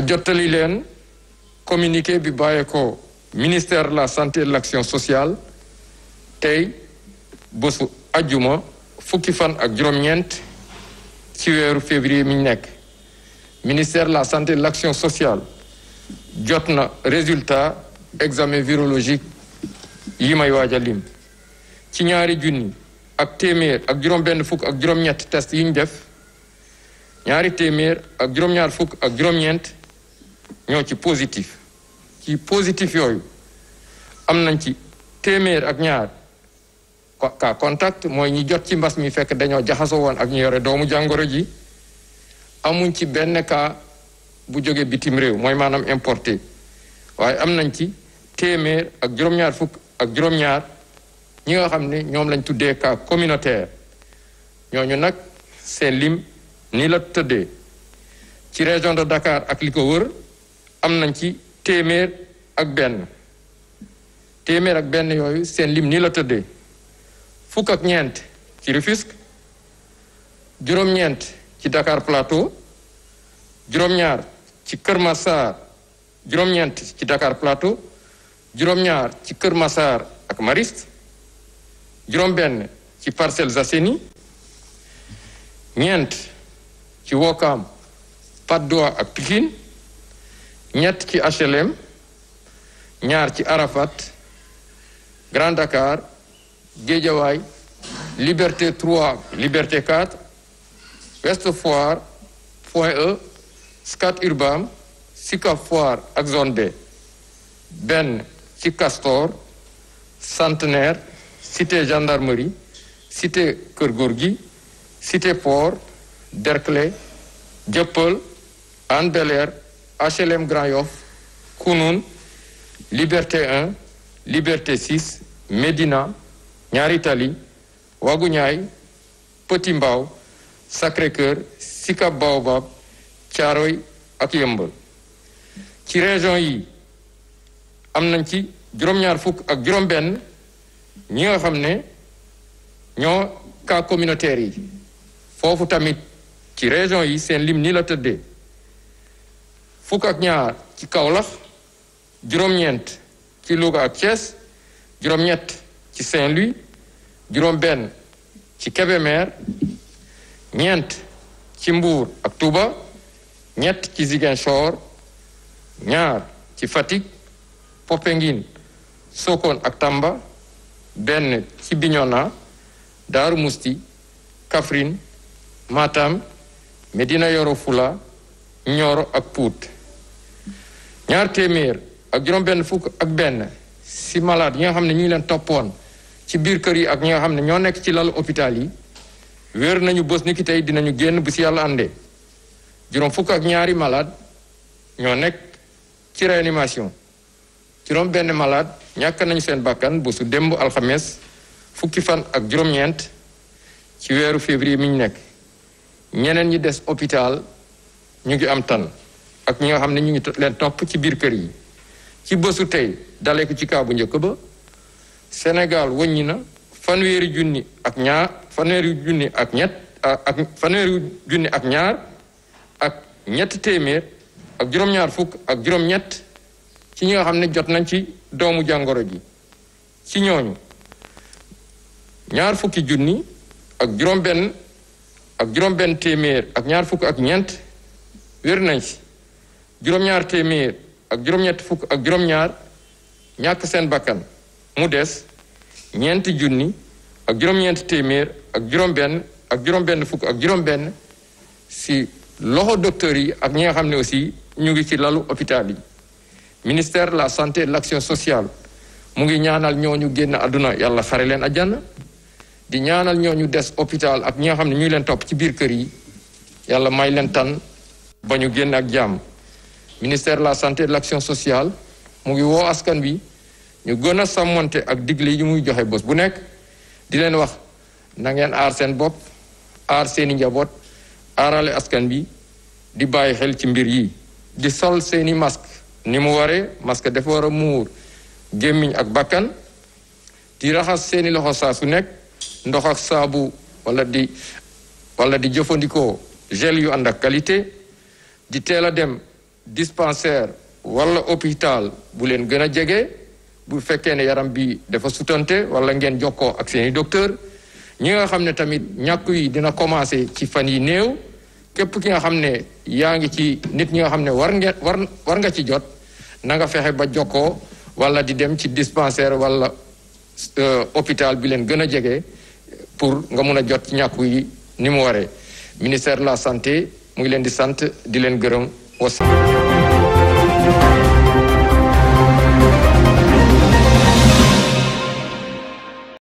ma jottali leen communiqué bi bàyyeekoo ministère de la santé et de l'action sociale tey bésu ajjuma fukki fan ak juróom-ñeent ci weeru février mi ñu nekk ministère de la santé et de l'action sociale jot na résultat examen virologique yi may waaj a lim ci ñaari junni ak téeméer ak juróom-benn fukk ak juróom-ñett test yi ñu def ñaari téeméer ak juróom-ñaar fukk ak juróom-ñeent ñoo ci positif ci positif yooyu am nañ ci téeméer ak ñaar cas contact mooy ñi jot ci mbas mi fekk dañoo jaxasoo woon ak ñu yore doomu jàngoro ji amuñ ci benn kaa bu jóge bitim réew mooy maanaam importé waaye am nañ ci téeméer ak juróom-ñaar fukk ak juróom-ñaar ñi nga xam ne ñoom lañ tuddee cas communautaire ñooñu nag seen lim ni la tëddee ci région de Dakar ak li ko wër am nañ ci téeméer ak benn téeméer ak benn yooyu seen lim nii la tëddee fukk ak ñeent ci Rufisque juróom-ñeent ci Dakar Plateau juróom-ñaar ci Kër Massar juróom-ñeent ci Dakar Plateau juróom-ñaar ci Kër Massar ak maris juróom-benn ci Parcelles Assainies ñeent ci Ouakam Patte d'Oie ak Pikine ñett ci HLM ñaar ci Arafat Grand Dakar Guédiawaye Liberté 3 Liberté 4 Ouest Foire Point E Scat Urbam Sicap Foire ak zone B benn ci Castor Centenaire Cité Gendarmerie Cité Keur Gorgui Cité Port Derklé Dieuppeul Hann bel HLM Grand Yoff Kounoune Liberté 1 Liberté 6 Médina Ñaari Tali Waguñaay Petit Mbao Sacré-Cœur Sicap Baobab Thiaroye ak Yeumbeul ci région yi am nañ ci juróom-ñaar fukk ak juróom-benn ñi nga xam ne ñoo cas communautaire yi foofu tamit ci région yi seen lim ni la tëddee fukk ak ñaar ci Kaolack juróom-ñeent ci Louga ak Thiès juróom-ñett ci Saint-Louis juróom-benn ci Kébémer ñeent ci mbuur ak tuba ñett ci Ziguinchor ñaar ci Fatick Popenguine Sokone ak tàmba benn ci Bignona Daaru Musti Kaffrine Matam dina Yoro Fula Nioro ak puut ñaar téeméer ak juróom-benn fukk ak benn si malade ñi nga xam ne ñu ngi leen toppoon ci biir kër yi ak ñi nga xam ne ñoo nekk ci lalu hôpital yi wéer nañu bës ni ki tey dinañu génn bu si yàlla àndee juróom fukk ak ñaari malade ñoo nekk ci réanimation juróom benn malade ñàkk nañu seen bakkan bésu démb alxames fukki fan ak juróom-ñeent ci weeru février mi ñu nekk ñeneen ñi des hôpital ñu ngi am tan ak ñi nga xam ne ñu ngi leen topp ci biir kër yi ci bësu tey dalee ci kaa bu njëkk ba Sénégal wëññi na fanweeri junni ak ñaar ak ñett ak fanweeri junni ak ñaar ak ñetti téeméer ak juróom-ñaar fukk ak juróom-ñett ci ñi nga xam ne jot nañ ci doomu jàngoro ji ci ñooñu ñaar fukki junni ak juróom-benn ak juróom-benn téeméer ak ñaar fukk ak ñeent wér nañ ci juróom-ñaar téeméer ak juróom-ñetti fukk ak juróom-ñaar ñàkk seen bakkan mu des ñeenti junni ak juróom-ñeenti téeméer ak juróom-benn ak juróom-benn fukk ak juróom-benn si loxo docteurs yi ak ñi nga xam ne aussi ñu ngi ci lalu hôpital yi ministère de la santé et de l'action sociale mu ngi ñaanal ñu génn àdduna yàlla xare leen àjjana di ñaanal ñoo ñu des hôpital ak ñi nga xam ne ñu leen topp ci biir kër yi yàlla may leen tan ba ñu génn ak jàmm ministère la santé et de l'action sociale mu ngi woo askan bi ñu gën a sàmmonte ak digle yi muy joxe bés bu nekk di leen wax na ngeen aar seen bopp aar seeni njaboot aarale askan bi di bàyyi xel ci mbir yi di sol seeni masque ni mu waree masque dafa war a muur gémmiñ ak bakkan di raxas seeni loxo saa su nekk ndox ak saabu walla di wala di jëfandikoo gel yu ànd ak qualité di teel a dem dispensaire wala hôpital bu leen gën a jege bu fekkee ne yaram bi dafa sutante wala ngeen jokkoo ak seeni docteur ñi nga xam ne tamit ñàkk yi dina commencé ci fan yi néew képp ki nga xam ne yaa ngi ci nit ñi nga xam ne war nga war war nga ci jot na nga fexe ba jokkoo wala di dem ci dispensaire wala euh, hôpital bi leen gën a jege pour nga mun a jot ci ñàkku yi ni mu waree ministère la santé mu ngi leen di sant di leen gërëm wasalaam